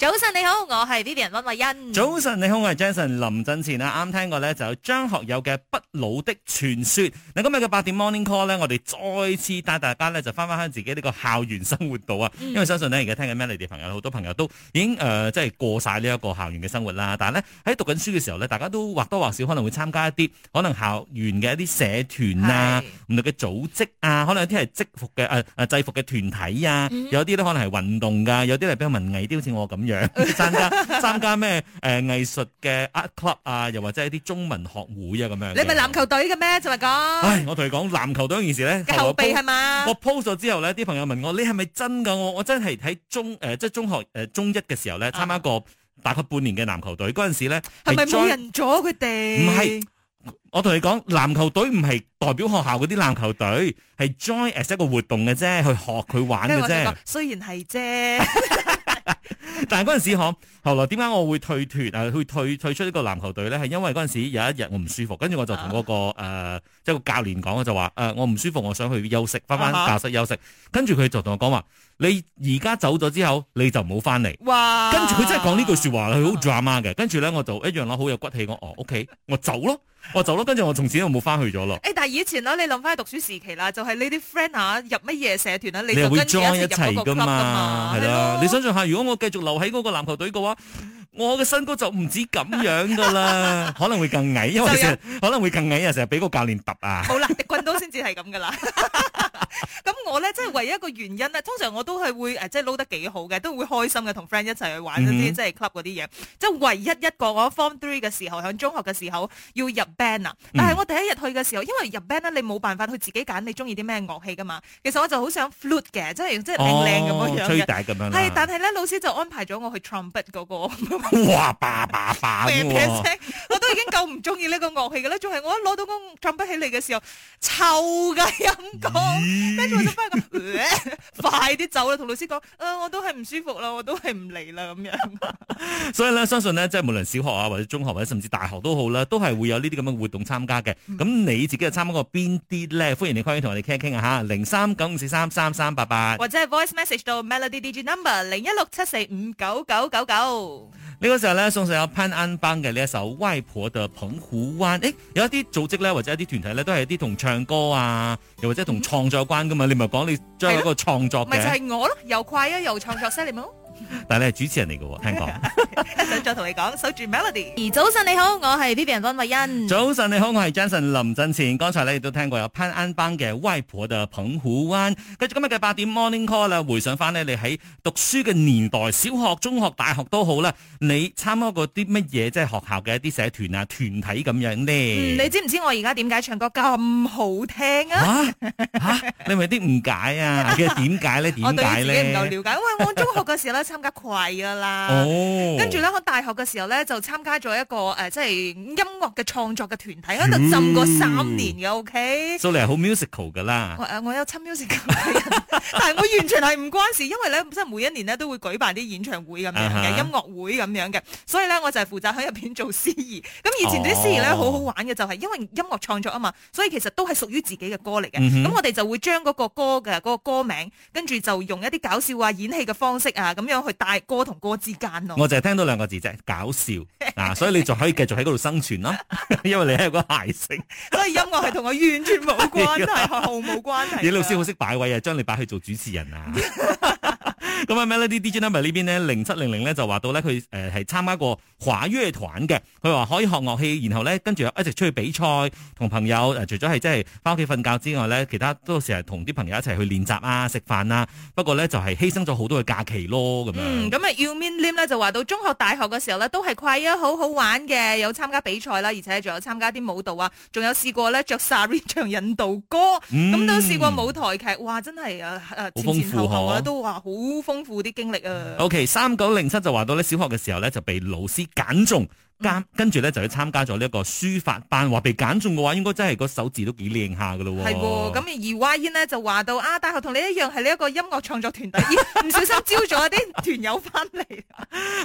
早晨你好，我係 Vivian 溫慧欣。早晨你好，我係 Jason。林振前啊，啱聽過咧，就有張學友嘅《不老的傳說》。嗱，今日嘅八點 Morning Call 咧，我哋再次帶大家咧，就翻翻自己呢個校園生活度啊。嗯、因為相信咧，而家聽緊 Melody 嘅朋友，好多朋友都已經誒，即、呃、係過晒呢一個校園嘅生活啦。但係咧，喺讀緊書嘅時候咧，大家都或多或少可能會參加一啲可能校園嘅一啲社團啊，唔是同嘅組織啊，可能有啲係、呃呃、制服嘅誒誒制服嘅團體啊，嗯、有啲都可能係運動噶，有啲係比較文藝啲，好似我咁。參加參加咩誒藝術嘅 art club 啊，又或者一啲中文學會啊，咁樣。你咪籃球隊嘅咩？就係講。唉，我同你講籃球隊件事咧，個後備係嘛？嗎我 post 咗之後咧，啲朋友問我你係咪真噶？我我真係喺中誒，即、呃、係中學誒、呃，中一嘅時候咧，參、啊、加一個大概半年嘅籃球隊。嗰陣時咧，係咪冇人阻佢哋？唔係，我同你講籃球隊唔係代表學校嗰啲籃球隊，係 join as 一個活動嘅啫，去學佢玩嘅啫 。雖然係啫。 但係嗰陣時可後來點解我會退團啊？會退退出這個籃呢個籃球隊咧，係因為嗰陣時有一日我唔舒服，跟住我就同嗰、那個誒即係個教練講、呃，我就話誒我唔舒服，我想去休息，翻翻教室休息。他跟住佢就同我講話：你而家走咗之後，你就唔好翻嚟。哇！跟住佢真係講呢句說話，佢好 drama 嘅。跟住咧，我就一樣咯，好有骨氣我說哦，OK，我走咯，我走咯。跟住我從此就冇翻去咗咯、欸。但係以前咯，你諗翻讀書時期啦，就係、是、你啲 friend 啊，入乜嘢社團啊，你就跟住一齊入個 club 噶嘛，係咯。你想象下，如果我繼續。留喺嗰個籃球隊嘅話。我嘅身高就唔止咁樣噶啦， 可能會更矮，因為有可能會更矮啊！成日俾個教練揼啊！好啦，跆拳道先至係咁噶啦。咁 我咧，即係唯一一個原因咧，通常我都係會誒，即係撈得幾好嘅，都會開心嘅，同 friend 一齊去玩嗰啲、嗯、即係 club 嗰啲嘢。即係唯一一個我 form three 嘅時候，響中學嘅時候要入 band 啊！但係我第一日去嘅時候，因為入 band 咧，你冇辦法去自己揀你中意啲咩樂器噶嘛。其實我就好想 flute 嘅，即係即係靚咁樣大樣。但係咧 老師就安排咗我去 trumpet 嗰個。哇！叭叭反 我都已經夠唔中意呢個樂器㗎啦，仲係 我一攞到工唱不起嚟嘅時候， 臭嘅音高，跟住我返去個，快啲走啦！同老師講，誒、呃，我都係唔舒服啦，我都係唔嚟啦咁樣。 所以咧，相信呢，即係無論小學啊，或者中學或者甚至大學都好啦，都係會有呢啲咁嘅活動參加嘅。咁、嗯、你自己又參加過邊啲咧？歡迎你可以同我哋傾一傾啊吓，零三九五四三三三八八，或者係 voice message 到 melody dj number 零一六七四五九九九九。呢個時候咧，送上有潘安邦嘅呢一首外婆的澎湖灣。誒，有一啲組織咧，或者一啲團體咧，都係一啲同唱歌啊，又或者同創作有關嘅嘛。你唔係講你將一個創作咪的就係我咯，又快啊，又創作 s e t 但係你係主持人嚟嘅，聽講想 再同你講守住 melody。早晨你好，我係 P B 人溫慧欣。早晨你好，我係 Jason 林振前。剛才咧亦都聽過有潘安邦嘅外婆嘅澎湖灣。跟住今日嘅八點 morning call 啦，回想翻咧你喺讀書嘅年代，小學、中學、大學都好啦，你參加過啲乜嘢即係學校嘅一啲社團啊團體咁樣呢？嗯，你知唔知道我而家點解唱歌咁好聽啊？ 啊、你咪啲誤解啊？跟點解咧？點解呢？呢 我對自己唔夠了解，因為我中學嘅時候咧參加葵噶啦，跟住咧我大學嘅時候咧就參加咗一個誒、呃，即係音樂嘅創作嘅團體，喺度、嗯、浸過三年嘅，OK？所以係好 musical 噶啦、呃。我有親 musical， 但係我完全係唔關事，因為咧即係每一年咧都會舉辦啲演唱會咁樣嘅、啊、哈音樂會咁樣嘅，所以咧我就係負責喺入邊做司儀。咁以前啲司儀咧好好玩嘅，就係因為音樂創作啊嘛，所以其實都係屬於自己嘅歌嚟嘅。咁、嗯、哼我哋就。就會將嗰個歌嘅嗰、嗰個歌名，跟住就用一啲搞笑啊演戲嘅方式啊，咁樣去帶歌同歌之間咯、啊。我淨係聽到兩個字啫，搞笑， 啊！所以你仲可以繼續喺嗰度生存啦，因為你係個諧星。所以音樂係同我完全冇關係， 係係毫無關係。李老師好識擺位啊，將你擺去做主持人啊！ 咁啊咩咧？啲 DJ 咧咪呢邊咧零七零零咧就話到咧佢誒係參加過華樂團嘅，佢話可以學樂器，然後咧跟住一直出去比賽同朋友、呃、除咗係即係翻屋企瞓覺之外咧，其他都成日同啲朋友一齊去練習啊、食飯啊。不過咧就係、是、犧牲咗好多嘅假期咯。咁嗯，咁啊 Umin Lim 咧就話到中學、大學嘅時候咧都係快樂，好好玩嘅，有參加比賽啦，而且仲有參加啲舞蹈啊，仲有試過咧著薩韋唱印度歌，咁、嗯、都試過舞台劇哇！真係啊、呃，都話好。豐富啲經歷啊！O K，三九零七就話到咧，小學嘅時候咧就被老師揀中，跟跟住咧就去參加咗呢一個書法班。話被揀中嘅話，應該真係個手字都幾靚下噶咯。係喎，咁而 Yen 咧就話到啊，大學同你一樣係呢一個音樂創作團隊，唔小心招咗啲。 團友翻嚟，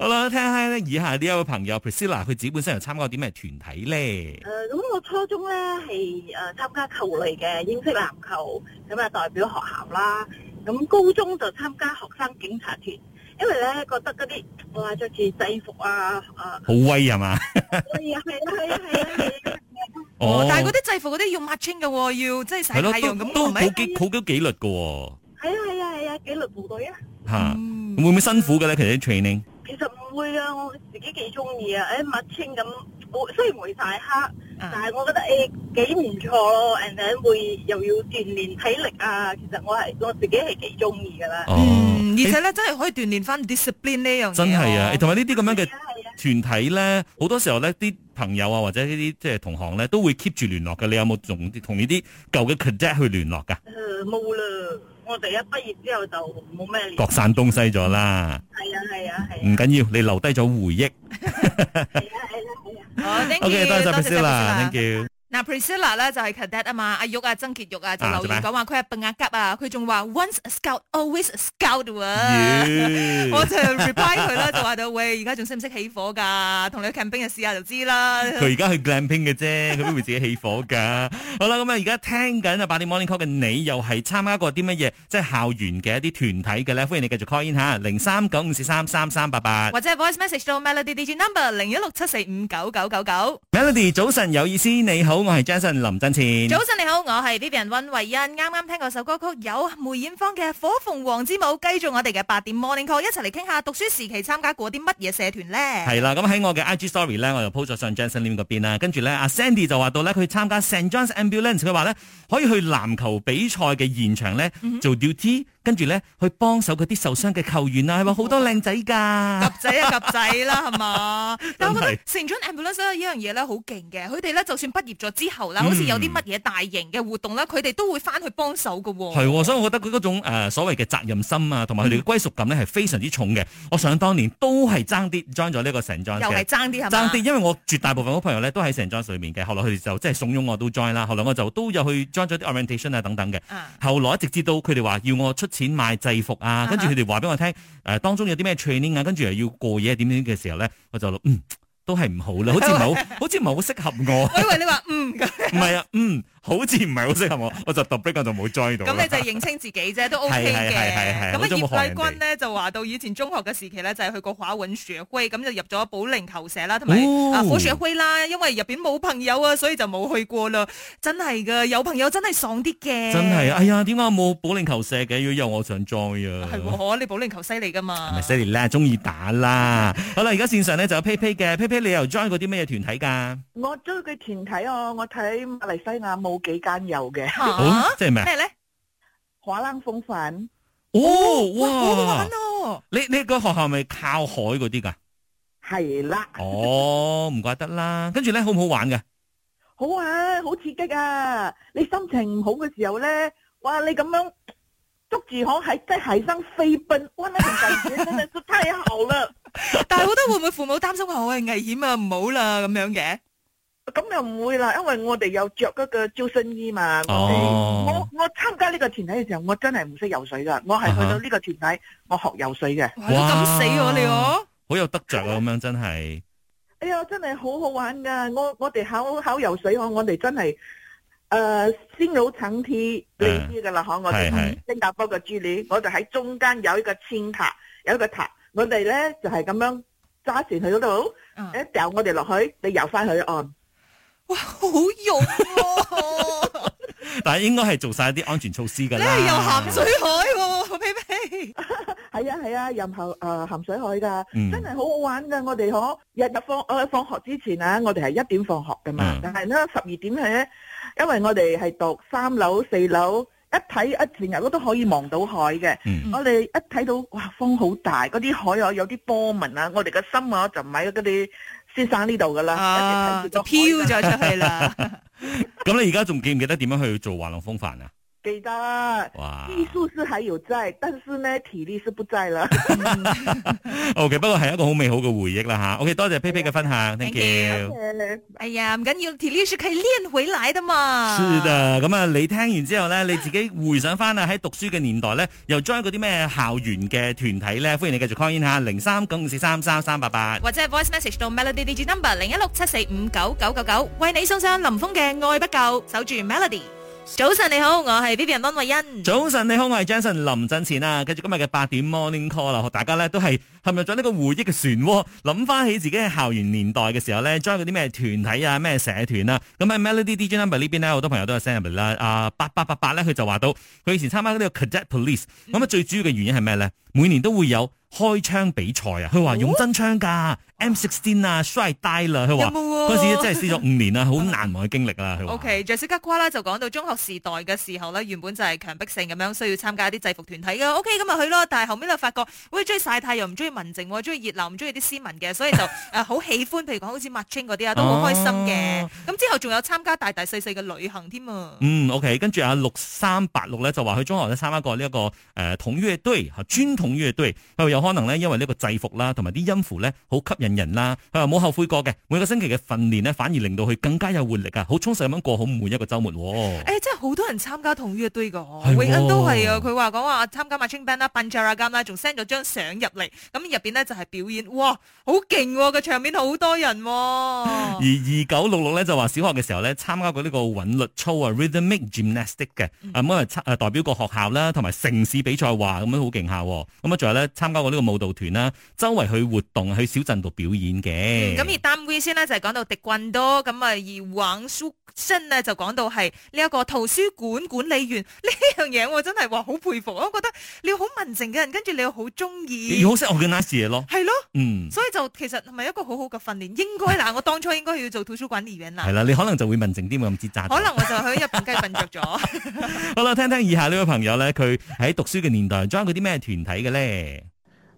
好啦，聽，聽下咧以下呢一位朋友 Priscilla，佢自己本身又參加過啲咩團體咧？誒、呃，咁我初中咧係誒參加球類嘅英式籃球，咁、呃、啊代表學校啦。咁、呃、高中就參加學生警察團，因為咧覺得嗰啲哇着住制服啊，誒、呃，好威係嘛？係啊，係 啊，係啊，係。哦，哦，但係嗰啲制服嗰啲要抹清嘅，要即係曬太陽咁，係咪？都，樣都好幾的好幾紀律嘅、哦。係啊係啊係啊紀律部隊啊吓、嗯、會唔會辛苦嘅咧？其實 training 其實唔會啊，我自己幾中意啊。誒、哎，麥青咁，雖然冇曬黑，嗯、但係我覺得誒幾唔錯咯。and then 會又要鍛煉體力啊。其實我係我自己係幾中意噶啦。哦、嗯，而且咧、欸、真係可以鍛煉翻 discipline 呢樣嘢。真係啊，同埋、啊欸、呢啲咁樣嘅團體咧，好、啊啊、多時候咧啲朋友啊或者呢啲即係同行咧都會 keep 住聯絡嘅。你有冇仲同呢啲舊嘅 cadet 去聯絡噶？誒、嗯，冇啦。我哋一畢業之後就冇咩聯絡，各散東西咗啦。係啊係啊係啊，唔緊要，你留低咗回憶。係啊係啊係啊，好，thank you。OK，多謝 Michelle，thank you。嗱，Priscilla 咧就係 cadet 啊嘛，阿玉啊、曾潔玉啊就留言講話佢係笨阿吉啊，佢仲話 once a scout always a scout 喎。我就 reply 佢啦，就話到喂，而家仲識唔識起火噶？同你去 camping 嘅試下就知啦。佢而家去 glamping 嘅啫，佢邊會自己起火噶？好啦，咁啊而家聽緊啊八點 morning call 嘅你，又係參加過啲乜嘢即係校園嘅一啲團體嘅咧？歡迎你繼續 call in 吓，零三九五四三三三八八，或者 voice message 到 melody DJ number 零一六七四五九九九九。Melody 早晨有意思，你好。我係 Jason 林振前，早晨你好，我係 Vivian 溫慧欣。啱啱聽過首歌曲，有梅艷芳嘅《火鳳凰之舞》，繼續我哋嘅八點 Morning Call，一齊嚟傾下讀書時期參加過啲乜嘢社團咧？係啦，咁喺我嘅 IG Story 咧，我又 post 咗上 Jason 林嗰邊啦。跟住咧，阿 Sandy 就話到咧，佢參加 Saint John Ambulance，佢話咧可以去籃球比賽嘅現場咧做 duty，跟住咧去幫手嗰啲受傷嘅球員啊，係咪好多靚仔噶？夾仔啊夾仔啦，係嘛。但係我覺得 Saint John Ambulance 呢樣嘢咧好勁嘅，佢哋咧就算畢業咗。之後啦，好似有啲乜嘢大型嘅活動啦，佢哋、嗯、都會翻去幫手嘅喎。係喎，所以我覺得佢嗰種、呃、所謂嘅責任心啊，同埋佢哋嘅歸屬感咧，係非常之重嘅。我想當年都係爭啲 join 咗呢個成莊，又係爭啲係爭啲，因為我絕大部分好朋友咧都喺成莊裏面嘅。後來佢哋就即係慫恿我都 join 啦。後來我就都有去 join 咗啲 orientation 啊等等嘅。啊、後來一直至到佢哋話要我出錢買制服啊，跟住佢哋話俾我聽誒當中有啲咩 training 啊，跟住又要過夜點點嘅時候咧，我就諗，嗯都係唔好啦，好似冇， 好似冇好適合我。我以為你話，嗯，唔係啊，嗯。好似唔係好適合我，我就 drop，咁我就冇 join 到。咁你就認清自己啫，都 OK 嘅。咁啊葉桂君咧就話到以前中學嘅時期咧就係去過下揾雪龜，咁就入咗保齡球社啦，同埋啊火雪龜啦。因為入邊冇朋友啊，所以就冇去過啦。真係噶，有朋友真係爽啲嘅。真係，哎呀，點解冇保齡球社嘅？如果又我想 join 啊，係喎，你保齡球犀利噶嘛？係咪犀利咧？中意打啦。好啦，而家線上咧就有 P P 嘅，P P 你又 join 過啲咩團體噶？我 join 嘅團體哦，我睇馬來西亞冇。冇幾間有嘅，即係咩咧？滑浪風帆哦，哇！好好玩哦，你你個學校咪靠海嗰啲噶？係啦。哦，唔怪得啦。跟住咧，好唔好玩噶？好啊，好刺激啊！你心情唔好嘅時候咧，哇！你咁樣捉住海，在海上飛奔，安逸同危險，真係太好啦。但係，我覺得會唔會父母擔心話我係危險啊？唔好啦，咁樣嘅。咁又唔會啦，因為我哋有着嗰個救生衣嘛。我我參加呢個團體嘅時候，我真係唔識游水噶。我係去到呢個團體，我學游水嘅。哇！咁死我哋哦，好有得着啊！咁樣真係。哎呀，真係好好玩噶！我我哋考考游水，我我哋真係誒先老襯貼嚟啲噶啦，嗬！我哋係新加坡嘅珠鏈，我哋喺中間有一個千塔，有一個塔，我哋咧就係咁樣揸船去嗰度，一掉我哋落去，你游翻去岸。哇，好勇喎！但係應該係做晒一啲安全措施噶啦。你係游鹹水海喎，皮皮。係啊係啊，游鹹啊鹹水海噶，真係好好玩噶。我哋可日日放誒放學之前啊，我哋係一點放學噶嘛。但係咧十二點係咧，因為我哋係讀三樓四樓，一睇一全日都都可以望到海嘅。我哋一睇到哇，風好大，嗰啲海啊有啲波紋啊，我哋嘅心啊就唔係嗰啲。先生呢度噶啦，就飄咗出去啦。咁 你而家仲記唔記得點樣去做華龍風帆啊？記得，哇，技術是還有在，但是呢，體力是不在啦。 OK，不過係一個好美好嘅回憶啦吓。Okay? OK，多謝 PP 嘅分享，thank you。哎呀，唔緊要，體力是可以練回來的嘛。是的，咁、嗯、啊，你聽完之後呢，你自己回想翻啊，喺 讀書嘅年代呢，又 join 嗰啲咩校園嘅團體咧，歡迎你繼續 call in 吓，零三九五四三三三八八，或者 voice message 到 Melody D G number 零一六七四五九九九九，999, 為你送上林峰嘅《愛不夠》，守住 Melody。早晨你好，我係 Vivian 溫慧欣。早晨你好，我係 Johnson 林振前啊。繼續今日嘅八點 morning call 啦，大家咧，都係陷入咗呢個回憶嘅漩渦，諗翻起自己嘅校園年代嘅時候咧，join 啲咩團體啊，咩社團啊，咁喺 Melody DJ Number 這邊呢邊咧，好多朋友都有 send 入嚟啦。阿八八八八咧，佢就話到佢以前參加呢個 Cadet Police，咁啊，最主要嘅原因係咩咧？每年都會有開槍比賽啊，佢話用真槍噶。哦 M16 啊，衰低啦，佢話，嗰、哦、時真係試咗五年啦，好 難忘嘅經歷啦，佢話。O.K. Jessica 瓜啦就講到中學時代嘅時候呢，原本就係強迫性咁樣需要參加啲制服團體嘅。O.K. 咁咪去咯，但係後屘就發覺，喂，中意曬太陽，唔中意文靜，中意熱鬧，唔中意啲斯文嘅，所以就誒好、 呃、喜歡，譬如講好似 marching 嗰啲啊，都好開心嘅。咁、哦、之後仲有參加大大細細嘅旅行添啊。嗯，O.K. 跟住阿六三八六呢，就話佢中學咧參加過呢一個誒統樂隊，專統樂隊，有可能呢，因為呢個制服啦，同埋啲音符呢。好吸。人人啦、啊，佢話冇後悔過嘅，每個星期嘅訓練呢，反而令到佢更加有活力啊，好充實咁樣過好每一個周末、哦。誒、欸，真係好多人參加同一堆嘅，永恩、哦、都係啊。佢話講話參加埋 marching band 啦、b u n c 啦，仲 send 咗張相入嚟，咁入邊呢就係表演，哇，好勁嘅場面，好多人、哦。而二九六六咧就話小學嘅時候呢，參加過呢個韻律操啊、Rhythmic Gymnastic 嘅，咁啊、嗯，誒、嗯，代表個學校啦，同埋城市比賽話咁樣好勁下。咁啊、哦，仲有咧參加過呢個舞蹈團啦，周圍去活動，去小鎮度。表演嘅，咁、嗯、而丹威先呢，就講、是、到迪棍多，咁啊，而王淑生呢，就講到係呢一個圖書館管理員呢樣嘢，這個、我真係話好佩服，我覺得你好文靜嘅人，跟住你又好中意，你好識我嘅 nice 嘢咯，係咯就，了嗯，所以就其實係咪一個好好嘅訓練？應該嗱， 我當初應該要做圖書館管理員啦，係啦，你可能就會文靜啲，咁知咋，可能我就喺日本雞瞓着咗。 好啦，聽聽以下呢個朋友咧，佢喺讀書嘅年代 join 咗啲咩團體嘅咧？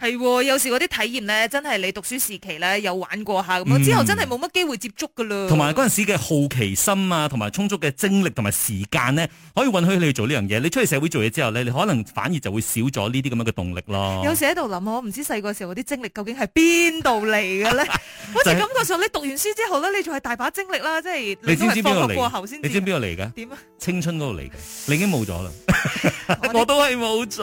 係、哦，有時嗰啲體驗咧，真係你讀書時期咧有玩過下咁咯，之後真係冇乜機會接觸噶咯。同埋嗰陣時嘅好奇心啊，同埋充足嘅精力同埋時間咧，可以允許你去做呢樣嘢。你出去社會做嘢之後咧，你可能反而就會少咗呢啲咁樣嘅動力咯。有時喺度諗我唔知細個時候嗰啲精力究竟係邊度嚟嘅咧？好似、 就是、感覺上你讀完書之後咧，你仲係大把精力啦，即係你都係放學過後先。你知邊度嚟嘅？點、啊、青春嗰度嚟嘅，你已經冇咗啦。 我都係冇咗，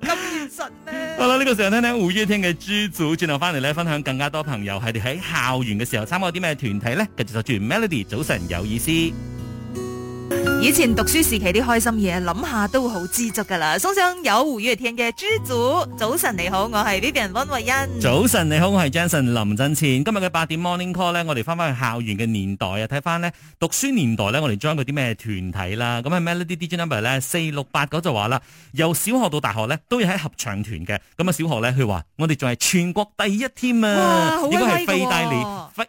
咁現實咧。呢、呢個時候匯英廳嘅朱組轉頭翻嚟咧，分享更加多朋友係哋喺校園嘅時候參加啲咩團體咧，繼續就轉 Melody 早晨有意思。以前讀書時期啲開心嘢諗下都好知足噶啦，送上有胡語嚟聽嘅朱祖早晨你好，我係 B B 人温慧欣。早晨你好，我係 j a n s e n 林振千。今日嘅八點 Morning Call 咧，我哋翻翻去校園嘅年代啊，睇翻呢讀書年代咧，我哋將佢啲咩團體啦，咁係咩呢啲啲 number 咧？四六八九就話啦，由小學到大學咧，都要喺合唱團嘅。咁啊小學咧，佢話我哋仲係全國第一添啊，應該係非低你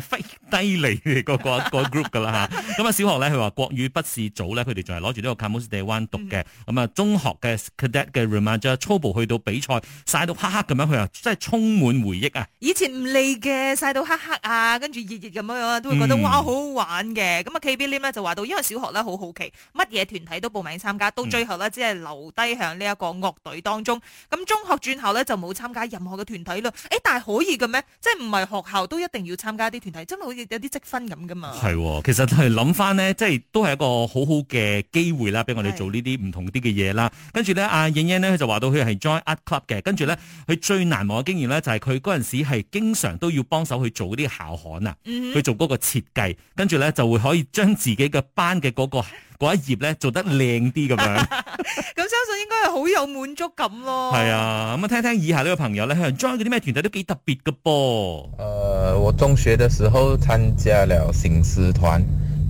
飛低你個個個 group 噶啦吓。咁啊 小學咧，佢話國語不。早咧，佢哋仲係攞住呢個 Camus Day One 讀嘅，咁啊中學嘅 Cadet 嘅 Remanger 初步去到比賽曬到黑黑咁樣，去啊真係充滿回憶啊！以前唔嚟嘅，曬到黑黑啊，跟住熱熱咁樣，都會覺得哇好好玩嘅。咁啊 Kb Lim 咧，就話到因為小學咧好好奇乜嘢團體都報名參加，到最後呢，只係留低響呢一個樂隊當中。咁中學轉校呢，就冇參加任何嘅團體咯。誒，但係可以嘅咩？即係唔係學校都一定要參加啲團體，真係好似有啲積分咁噶嘛？係、哦，其實係諗翻呢，即係都係一個。好好嘅機會啦，俾我哋做呢啲唔同啲嘅嘢啦。跟住咧，阿影影咧就話到佢係 join art club 嘅。跟住咧，佢最難忘嘅經驗咧就係佢嗰陣時係經常都要幫手去做嗰啲校刊啊，去、嗯、哼做嗰個設計。跟住咧就會可以將自己嘅班嘅嗰、嗰個嗰一頁咧做得靚啲咁樣。咁相信應該係好有滿足感咯。係 啊，咁啊聽一聽以下呢個朋友咧，join 嗰啲咩團體都幾特別嘅噃。誒、呃，我中學嘅時候參加了醒獅團。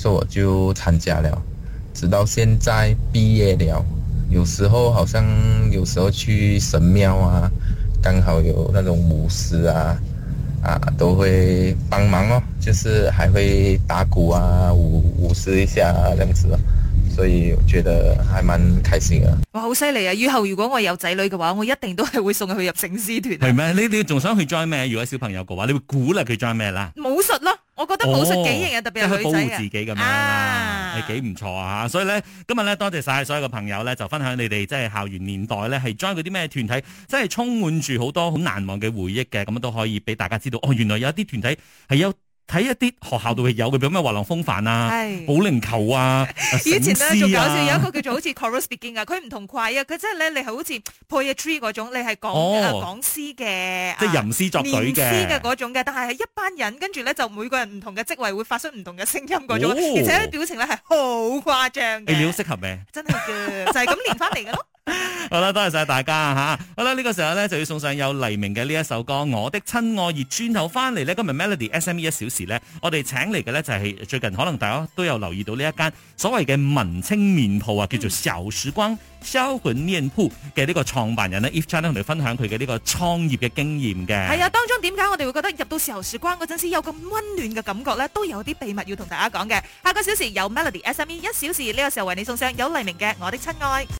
所以我就參加了，直到現在畢業了。有時候好像有時候去神廟啊，剛好有那種舞獅啊，啊都會幫忙哦，就是還會打鼓啊，舞舞獅一下這樣子。所以我覺得還蠻開心啊！哇，好犀利啊！以後如果我有仔女嘅話，我一定都係會送佢入醒獅團。係咩？你你仲想去 join 咩？如果小朋友嘅話，你會鼓勵佢 join 咩啦？武術咯。我覺得武術技能又、哦、特別女仔嘅，保護自己噉樣，係幾唔錯啊！所以咧，今日咧多謝晒所有嘅朋友咧，就分享你哋即係校園年代咧係 join 啲咩團體，即係充滿住好多好難忘嘅回憶嘅，咁都可以俾大家知道哦！原來有一啲團體係有。睇一啲學校度有嘅，比如咩滑浪風帆啊、唉保齡球啊。 啊啊以前咧仲搞笑，有一個叫做好似 Choral Speaking 嘅，佢唔同怪啊，佢、啊、真係咧你係好似 Poetry 嗰種，你係講講詩嘅，哦啊、即係吟詩作對嘅，連詩嘅嗰種嘅。但係係一班人跟住咧就每個人唔同嘅職位會發出唔同嘅聲音嗰種，哦、而且表情咧係好誇張嘅。你都適合咩？真係嘅，就係咁連翻嚟嘅咯。 好啦，多謝晒大家吓。好啦，呢、呢個時候呢，就要送上有黎明嘅呢一首歌《我的親愛》。而轉頭翻嚟呢，今日 Melody S M E 一小時呢，我哋請嚟嘅呢，就係、是、最近可能大家都有留意到呢一間所謂嘅文青麵鋪啊，叫做小時光燒管、嗯、麵鋪嘅呢個創辦人呢 ，If Chan 同你分享佢嘅呢個創業嘅經驗嘅。係啊，當中點解我哋會覺得入到小時光嗰陣時有咁溫暖嘅感覺呢？都有啲秘密要同大家講嘅。下個小時有 Melody S M E 一小時呢、呢個時候為你送上有黎明嘅《我的親愛》。